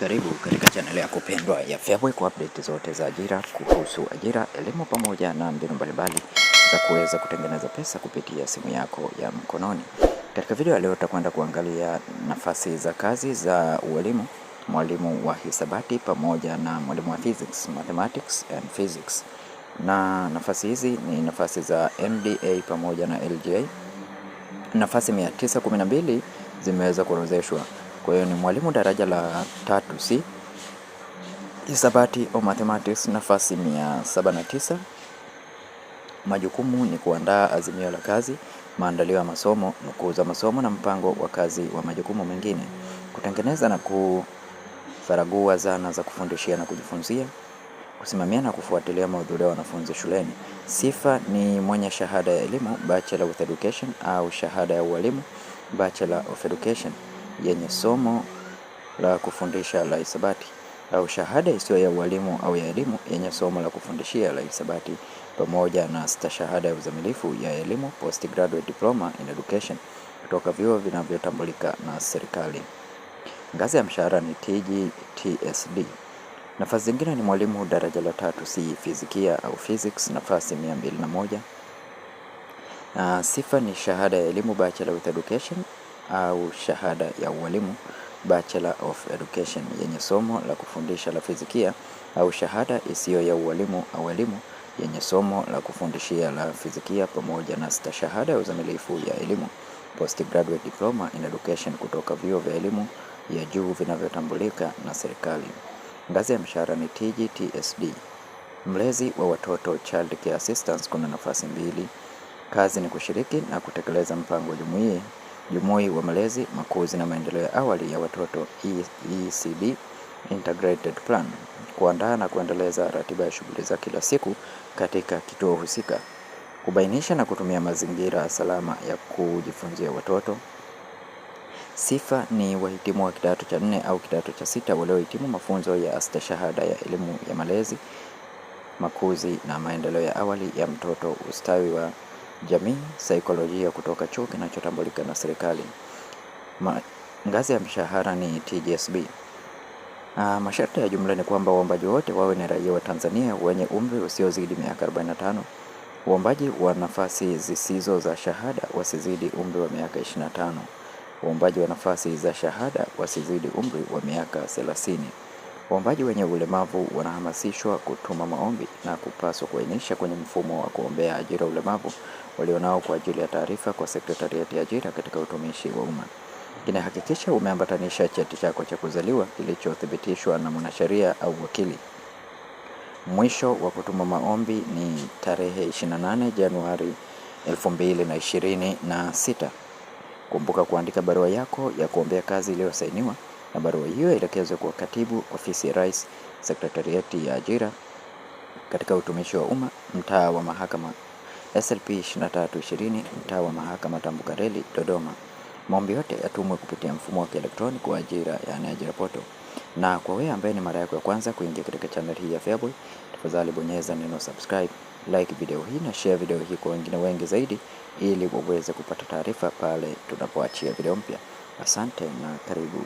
Karibu katika channel ya kupendwa ya Feaboy kwa update zote za ajira, kuhusu ajira, elimu pamoja na mbinu mbalimbali za kuweza kutengeneza pesa kupitia simu yako ya mkononi. Katika video ya leo tutakwenda kuangalia nafasi za kazi za ualimu, mwalimu wa hisabati pamoja na mwalimu wa physics, mathematics and physics. Na nafasi hizi ni nafasi za MDA pamoja na LGA. Nafasi 912 zimeweza kuorodheshwa kwa hiyo ni mwalimu daraja la tatu C, hisabati au mathematics, nafasi tisa. Majukumu ni kuandaa azimio la kazi, maandalio ya masomo, nukuu za masomo na mpango wa kazi wa majukumu mengine, kutengeneza na kufaragua zana za kufundishia na kujifunzia, kusimamia na kufuatilia maudhui ya wanafunzi shuleni. Sifa ni mwenye shahada ya elimu bachelor of education au shahada ya ualimu bachelor of education yenye somo la kufundisha la hisabati au shahada isiyo ya ualimu au ya elimu yenye somo la kufundishia la hisabati pamoja na stashahada ya uzamilifu ya elimu postgraduate diploma in education kutoka vyuo vinavyotambulika na serikali. Ngazi ya mshahara ni TGTSD. Nafasi zingine ni mwalimu daraja la tatu C fizikia au physics, nafasi 201. Na sifa ni shahada ya elimu bachelor with education au shahada ya ualimu Bachelor of Education yenye somo la kufundisha la fizikia au shahada isiyo ya ualimu au elimu yenye somo la kufundishia la fizikia pamoja na stashahada ya uzamilifu ya elimu postgraduate diploma in education kutoka vyuo vya elimu ya juu vinavyotambulika na serikali. Ngazi ya mshahara ni TGTSD. Mlezi wa watoto child care assistance, kuna nafasi mbili. Kazi ni kushiriki na kutekeleza mpango jumuiya jumui wa Malezi, Makuzi na Maendeleo ya Awali ya Watoto ECD Integrated Plan kuandaa na kuendeleza ratiba ya shughuli za kila siku katika kituo husika, kubainisha na kutumia mazingira salama ya kujifunzia watoto. Sifa ni wahitimu wa kidato cha nne au kidato cha sita waliohitimu mafunzo ya astashahada ya elimu ya malezi, makuzi na maendeleo ya awali ya mtoto, ustawi wa jamii saikolojia kutoka chuo kinachotambulika na serikali. Ngazi ya mshahara ni TGSB. Ah, masharti ya jumla ni kwamba waombaji wote wawe ni raia wa Tanzania wenye umri usiozidi miaka 45. Waombaji wa nafasi zisizo za shahada wasizidi umri wa miaka 25. Waombaji wa nafasi za shahada wasizidi umri wa miaka 30. Waombaji wenye ulemavu wanahamasishwa kutuma maombi na kupaswa kuainisha kwenye mfumo wa kuombea ajira ulemavu walionao kwa ajili ya taarifa kwa Sekretarieti ya Ajira katika Utumishi wa Umma. Inahakikisha umeambatanisha cheti chako cha kuzaliwa kilichothibitishwa na mwanasheria au wakili. Mwisho wa kutuma maombi ni tarehe 28 Januari 2026. Kumbuka kuandika barua yako ya kuombea kazi iliyosainiwa na barua hiyo elekezwe kwa Katibu Ofisi ya Rais, Sekretarieti ya Ajira katika Utumishi wa Umma, mtaa wa Mahakama, SLP 2320 mtaa wa Mahakama, Tambukareli, Dodoma. Maombi yote yatumwe kupitia mfumo wa kielektroniki kwa ajira, yani ajira portal. Na kwa wewe ambaye ni mara yako ya kwanza kuingia katika channel hii ya Feaboy, tafadhali bonyeza neno subscribe, like video hii na share video hii kwa wengine wengi zaidi, ili waweze kupata taarifa pale tunapoachia video mpya. Asante na karibu.